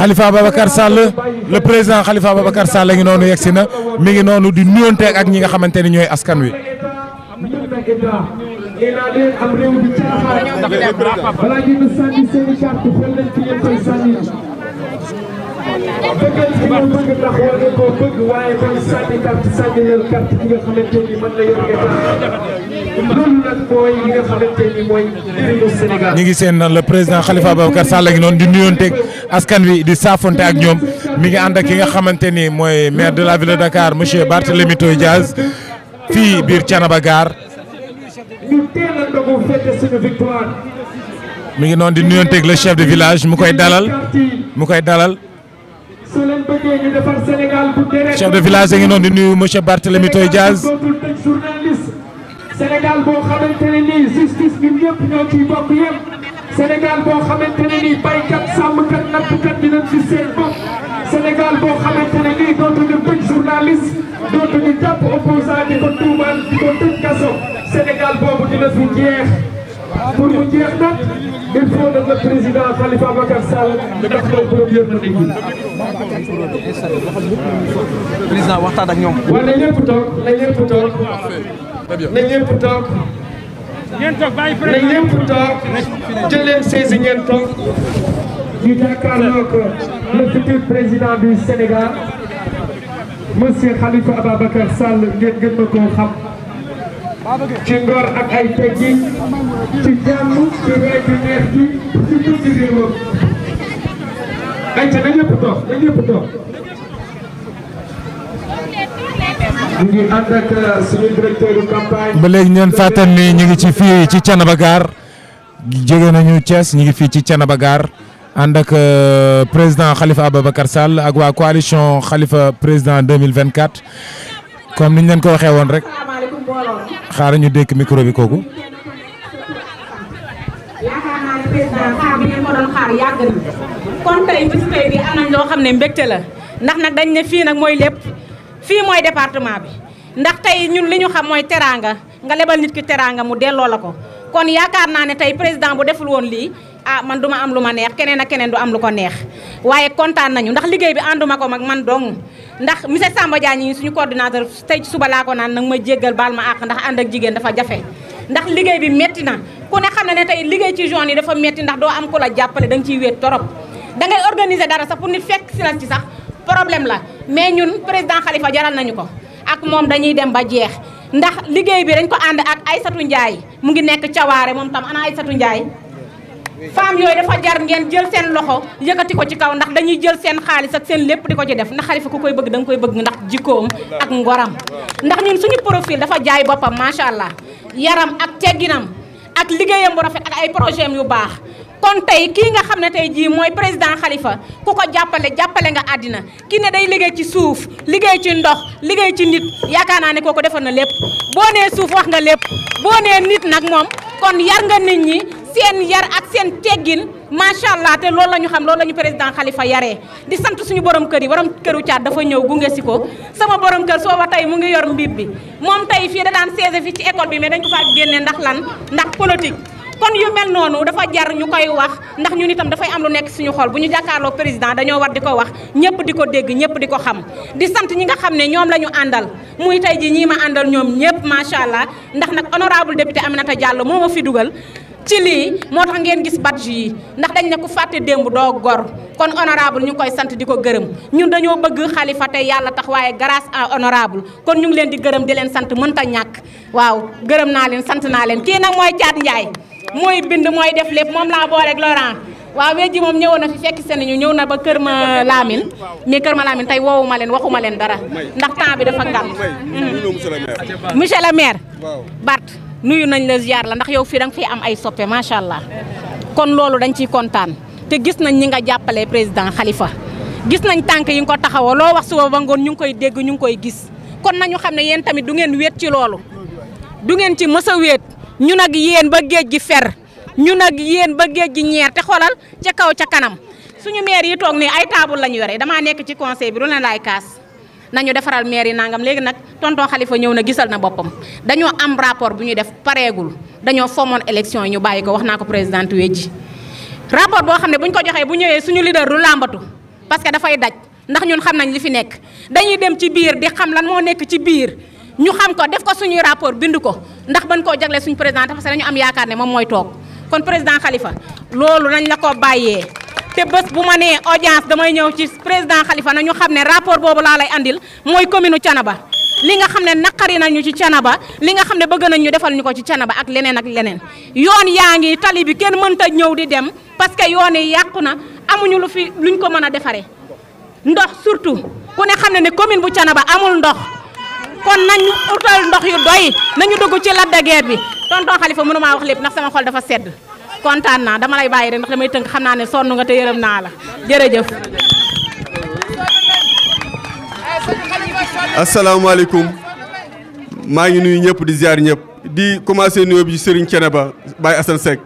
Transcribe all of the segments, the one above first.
Khalifa Ababacar Sall le président Khalifa Ababacar Sall ngi noonu yegsi na mingi noonu di nuyonteeg ak ñi nga xamante ni ñooy askan wi. ñu ngi seen le président Khalifa Ababacar Sall ngi noonu di nuyonteeg askan wi di saafonte ak ñoom mi ngi ànd ki nga xamante ni mooy maire de la ville de Dakar monsieur Barthélémy Toye Dias fii biir Thiénaba Gare. mi ngi noon di nuyonteeg le chef de village mu koy dalal mu koy dalal. chef de village a ngi noonu di nuyu monsieur Barthélémy Toye Dias. Sénégal boo xamante ne nii justice bi ñëpp ñoo ciy bokk yëpp Sénégal boo xamante ne nii baykat sàmmkat nappkat dinañ ci seen bopp Sénégal boo xamante ne nii dootuñu tëj journaliste dootuñu jàpp opposant di ko tuumaal di ko tëj kaso Sénégal boobu dina fi jeex pour mu jeex nag il faut que le président Khalifa Ababacar Sall def ko premier ministre. président waxtaan ak ñoom. wala ñëpp toog toog. na ñëpp toog. ngeen toog bàyyi président na ñëpp toog leen saisi ngeen toog. le futur président du Sénégal monsieur Khalifa Ababacar Sall ngeen gën ma koo xam. ci ngor ak ay teggi ci jàmm ci réew bi neex gi ci dund réewam. ayca na ñëpp ñu euh, ba léegi ñeen fàttal ni ñu ngi ci fii ci canabagar Gare nañu Thiès ñu ngi fii ci Thiénaba Gare ànd ak euh, président Khalifa Ababacar Sall ak waa coalition Khalifa président 2024 comme niñ leen ko waxee woon rek xaaral ñu dékk micro kooku. fii mooy département bi ndax tey ñun li ñu xam mooy teraanga nga lebal nit ki teraanga mu delloo la ko kon yaakaar naa ne tey président bu deful woon lii ah man du ma am lu ma neex keneen ak keneen du am lu ko neex waaye kontaan nañu ndax liggéey bi ànduma ko mag man dong ndax monsieur Samba Diagne ñi suñu coordinateur tey ci suba laa ko naan nag ma jéggal baal ma àq ndax ànd ak jigéen dafa jafe ndax liggéey bi metti na ku ne xam ne ne tey liggéey ci zone yi dafa metti ndax doo am ku la jàppale da nga ciy wéet torop da ngay organiser dara sax pour nit fekk si la ci sax problème la mais ñun président Khalifa jaral nañu ko ak moom dañuy dem ba jeex ndax liggéey bi dañ ko ànd ak ay Aysatu Ndiaye mu ngi nekk cawaare moom tam ana Aysatu Ndiaye femme yooyu dafa jar ngeen jël seen loxo yëkkati ko ci kaw ndax dañuy jël seen xaalis ak seen lépp di ko ci def ndax Khalifa ku koy bëgg danga koy bëgg ndax jikkoom ak ngoram ndax ñun suñu profil dafa jaay boppam macha allah yaram ak tegginam ak liggéeyam bu rafet ak ay projet am yu baax kon tey kii nga xam ne tey jii mooy président xalifa ku ko jàppale jàppale nga àddina kii ne day liggéey ci suuf liggéey ci ndox liggéey ci nit yaakaar naa ne kooku defal na lépp boo nee suuf wax nga lépp boo nee nit nag moom kon yar nga nit ñi seen yar ak seen teggin macha allah te loolu la ñu xam lool la ñu président xalifa yaree di sant suñu borom kër yi borom këru caat dafa ñëw gunge si ko sama borom kër soo ba tey mu ngi yor mbib bi moom tey fii da daan siège fi ci école bi mais dañ ko génnee ndax lan ndax politique. kon yu mel noonu dafa jar ñu koy wax ndax ñu ñun itam dafay am lu nekk suñu xol bu ñu jàkkaarloo président dañoo war di ko wax ñëpp di ko dégg ñëpp di ko xam di sant ñi nga xam ne ñoom lañu ñu àndal muy tey ji ñii ma àndal ñoom ñëpp macha allah ndax nag honorable député Aminata Diallo moo ma fi dugal ci lii moo tax ngeen gis badge yi ndax dañ ne ku fàtte démb doo gor kon honorable ñu koy sant di ko gërëm ñun dañoo bëgg xalifa tey yàlla tax waaye grâce à honorable kon ñu ngi leen di gërëm di leen sant mënta ñàkk waaw gërëm naa leen sant naa leen kii nag mooy Caat Njaay mooy bind mooy def lépp moom laa boo Laurent waaw ji moom ñëwoon na fi fekk se nañu ñëw na ba kër ma Lamine mais kër ma Lamine tey woowu ma leen waxuma leen dara ndax temps bi dafa ngam hmm. monsieur le maire Bart nuyu nañ la ziar la ndax yow fii da nga fiy am ay soppe macha allah kon loolu dañ ciy kontaan te gis nañ ñi nga jàppale président Khalifa gis nañ tànk yi nga ko taxawoo loo wax suba ba ngoon ñu ngi koy dégg ñu ngi koy gis kon nañu xam ne yéen tamit du ngeen wéet ci loolu du ngeen ci mës a wéet ñu nag yéen ba géej gi fer ñu nag yéen ba géej gi ñeer te xolal ca kaw ca kanam suñu maire yi toog nii ay taabul lañu yore damaa nekk ci conseil bi lu leen laay kaas nañu defaral maire yi nangam léegi nag tonton xalifa ñëw na gisal na boppam dañoo am rapport bu ñu def pareegul dañoo fomoon élection yi ñu bàyyi ko wax naa ko présidente wejji rapport boo xam ne bu ñu ko joxee bu ñëwee suñu leader du làmbatu parce que dafay daj ndax ñun xam nañ li fi nekk dañuy dem ci biir di xam lan moo nekk ci biir ñu xam ko def ko suñuy rapport bind ko ndax ban koo jagle suñu président parce que dañu am yaakaar ne moom mooy toog kon président Khalifa loolu nañ la ko bàyyee te bés bu ma nee audience damay ñëw ci président Khalifa na ñu xam ne rapport boobu laa lay andil mooy commune Thiénaba li nga xam ne naqari nañu ci Thiénaba li nga xam ne bëgg nañ ñu defal ñu ko ci Thiénaba ak leneen ak leneen yoon yaa ngi tali bi kenn mënta ñëw di dem parce que yoon yi yàqu na amuñu lu fi luñ ko mën a defaree ndox surtout ku ne xam ne ne commune bu Thiénaba amul ndox kon nañu utal ndox yu doy nañu dugg ci ladda guerre bi tonton Xalifa mënumaa wax lépp ndax sama xol dafa sedd kontaan naa dama lay bàyyi rek ndax damay tënk xam naa ne sonn nga te yërëm naa la jërëjëf. asalaamaaleykum maa ngi nuyu ñëpp di ziar ñëpp di commencé nuyoo bi Serigne Thiénaba Baye Assane Seck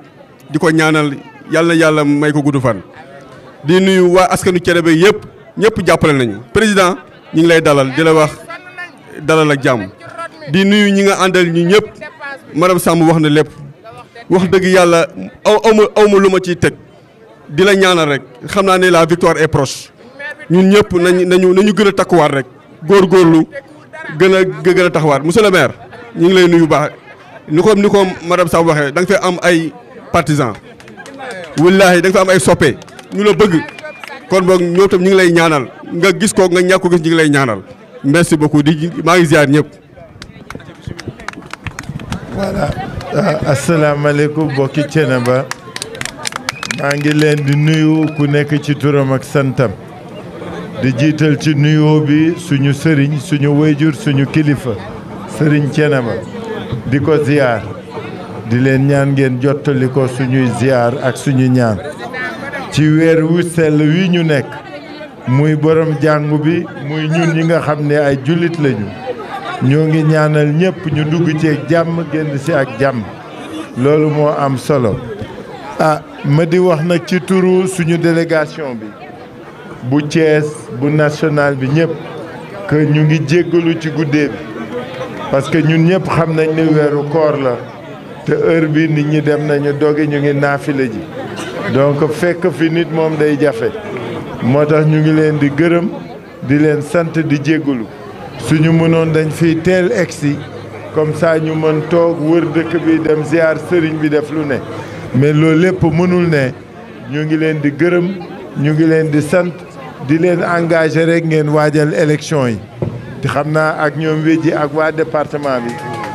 di ko ñaanal yàlla na yàlla may ko gudd fan. di nuyu waa askanu Thiénaba yëpp ñëpp jàppale nañu président ñu ngi lay dalal di la wax. dalal ak jàmm di nuyu ñi nga àndal ñu ñëpp madame sàmm wax na lépp wax dëgg yàlla aw aw ma aw ma lu ma ciy teg di la ñaanal rek xam naa ne la victoire est proche ñun ñëpp nañu nañu nañu gën a takkuwaat rek góorgóorlu gën a gën a taxawaat monsieur le maire ñu ngi lay nuyu baax ni ko ni ko madame Samb waxee da nga fi am ay partisans wallaahi da nga fi am ay soppe ñu la bëgg kon boog ñoom tam ñu ngi lay ñaanal nga gis ko nga ñàkk ko gis ñu lay ñaanal. merci beaucoup di maa ngi ziar ñëpp. voilà ah, asalaamaaleykum bokki Thiénaba maa ngi leen di nuyu ku nekk ci turam ak santam di jiital ci nuyoo bi suñu sëriñ suñu wéyjur suñu kilifa sëriñ Thiénaba di ko ziar di leen ñaan ngeen jottali suñuy ziar ak suñu ñaan ci weer wu wi ñu nekk. muy borom jàngu bi muy ñun ñi nga xam ni ay jullit lañu ñoo ngi ñaanal ñëpp ñu dugg ci jàmm génn si ak jàmm loolu moo am solo ah ma di wax nag ci turu suñu délégation bi bu Thiès bu national bi ñëpp que ñu ngi jéggalu ci guddee bi parce que ñun ñëpp xam nañ ni weeru koor la te heure bii nit ñi dem nañu doge ñu ngi naafile ji donc fekk fi nit moom day jafe moo tax ñu ngi leen di gërëm di leen sant di jégalu suñu mënoon dañ fiy teel egsi comme ça ñu mën toog wër dëkk bi dem ziar sëriñ bi def lu ne mais loolu lépp mënul ne ñu ngi leen di gërëm ñu ngi leen di sant di leen engagé rek ngeen waajal élection yi di xam naa ak ñoom wéji ak waa département bi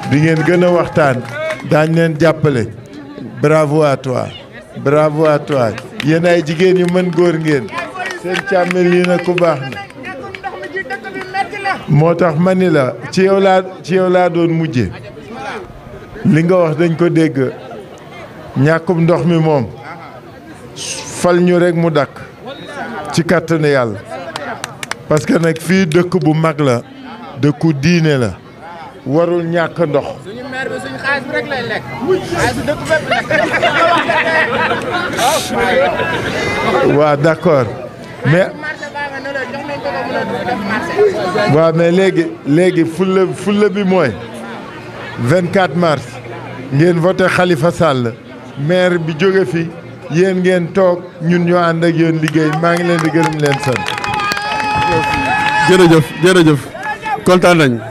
di ngeen gën a waxtaan daañ leen jàppale bravo à toi bravo à toi ay jigéen yu mën góor ngeen seen càmmil yi na ku baax na moo tax ma ni la ci yow ci yow doon mujje li nga wax dañ ko dégg ñàkkum ndox mi moom fal ñu rekk mu dakk ci kàttanu yàlla parce que nag fii dëkk bu mag la dëkku diine la warul ñàkk ndox waaw d'accord mais waaw mais léegi léegi fulla fulla bi mooy 24 mars ngeen voté xalifa Sall maire bi jóge fi yéen ngeen toog ñun ñoo ànd ak yéen liggéey maa ngi leen di gërëm leen sant. jërëjëf jërëjëf kontaan nañ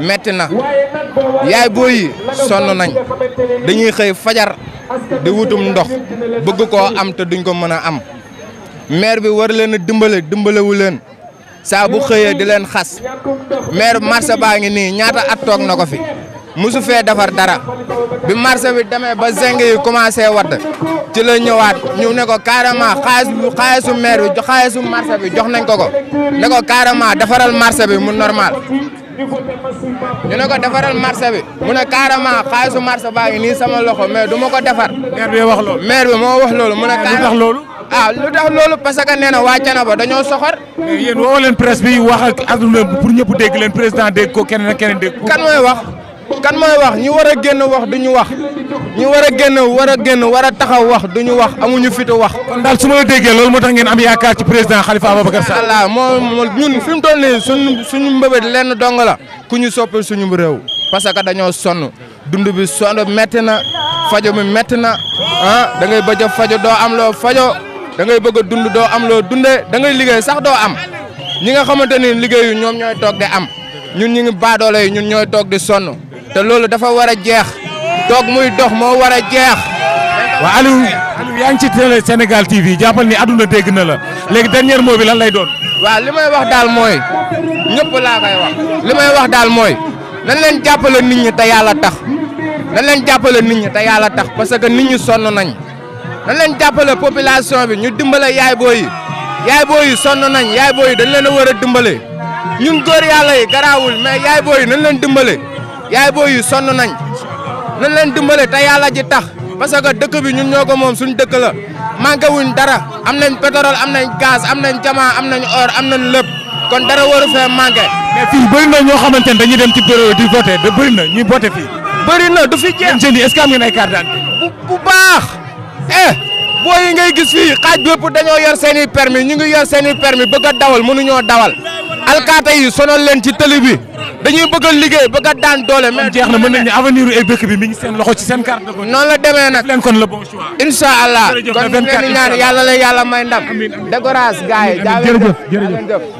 metti na yaay booy yi sonn nañ dañuy xëy fajar di wutum ndox bëgg koo am te duñ ko mën a am maire bi war leen a dimbale dimbalewu leen saa bu xëyee di leen xas maire marché baa ngi nii ñaata at toog na ko fi musu fee defar dara bi marché bi demee ba zeng yi commencé wadd ci la ñëwaat ñu ne ko carrément xaalis bu maire bi xaalisu marché bi jox nañ ko ko ne ko carrément defaral marché bi mu normal ñu ne ko defaral marché bi mu ne carrément xaalisu marché baa ngi nii sama loxo mais du ma ko defar. maire bi wax loolu. maire bi wax loolu. mu ne carrément lu tax loolu. ah lu tax loolu parce que nee na waa Thiénaba dañoo soxor. mais yéen woo leen presse bi wax ak àdduna pour ñëpp dégg leen président dégg ko keneen ak keneen dégg ko. kan mooy wax. kan mooy wax ñi war a génn wax du wax ñi war a génn war a génn war a taxaw wax du wax amuñu fitu wax. kon daal su ma la déggee loolu moo tax ngeen am yaakaar ci président Khalifa Ababacar Sall. moo moo ñun fi mu toll nii suñu suñu mbëbët lenn dong la ku ñu soppal suñu réew. parce que dañoo sonn dund bi sonn métti na fajo mi métti na ah da ngay bëgg a fajo doo am loo fajo da ngay bëgg a dund doo am loo dundee da ngay liggéey sax doo am ñi nga xamante ni liggéeyu ñoom ñooy toog di am ñun ñu ngi baadoole yi ñun ñooy toog di sonn. te loolu dafa war a jeex toog muy dox moo war a jeex. waa Aliou yaa ngi ci télé Sénégal TV jàppal ni aduna dégg na la léegi dernier moo bi lan lay doon. waaw li may wax daal mooy ñëpp laa koy wax li may wax daal mooy nañ leen jàppale nit ñi te yàlla tax nañ leen jàppale nit ñi te yàlla tax parce que nit ñi sonn nañ nañ leen jàppale population bi ñu dimbale yaay booy yi yaay booy yi sonn nañ yaay booy yi dañ leen a war a dimbale ñun góor yàlla yi garaawul mais yaay yi nañ leen dimbale. yaay boo yu sonn nañ nañ leen dimbale te yàlla ji tax parce que dëkk bi ñun ñoo ko moom suñu dëkk la manqué wuñ dara am nañ pétrole am nañ gaz am nañ jamaa am nañ or am nañ lépp kon dara waru fee manqué. mais fii na ñoo xamante ne dañuy dem ci bureau di voté da bëri na ñuy voté fii. bëri na du fi jeex jeunes yi est-ce que am ngeen ay carte bu bu baax eh booy yi ngay gis fii xaaj bépp dañoo yor seen i permis ñu ngi yor seen i permis bëgg a dawal mënuñoo dawal alkaata yi sonal leen ci tëli bi. dañuy bëgg liggéey bëgg a daan doole. mais jeex na mën nañu avenir u dëkk bi mi ngi seen loxo ci seen carte de la demee nag leen kon le ñaan yàlla la yàlla may ndam. amiin amiin décourage gars yi jaa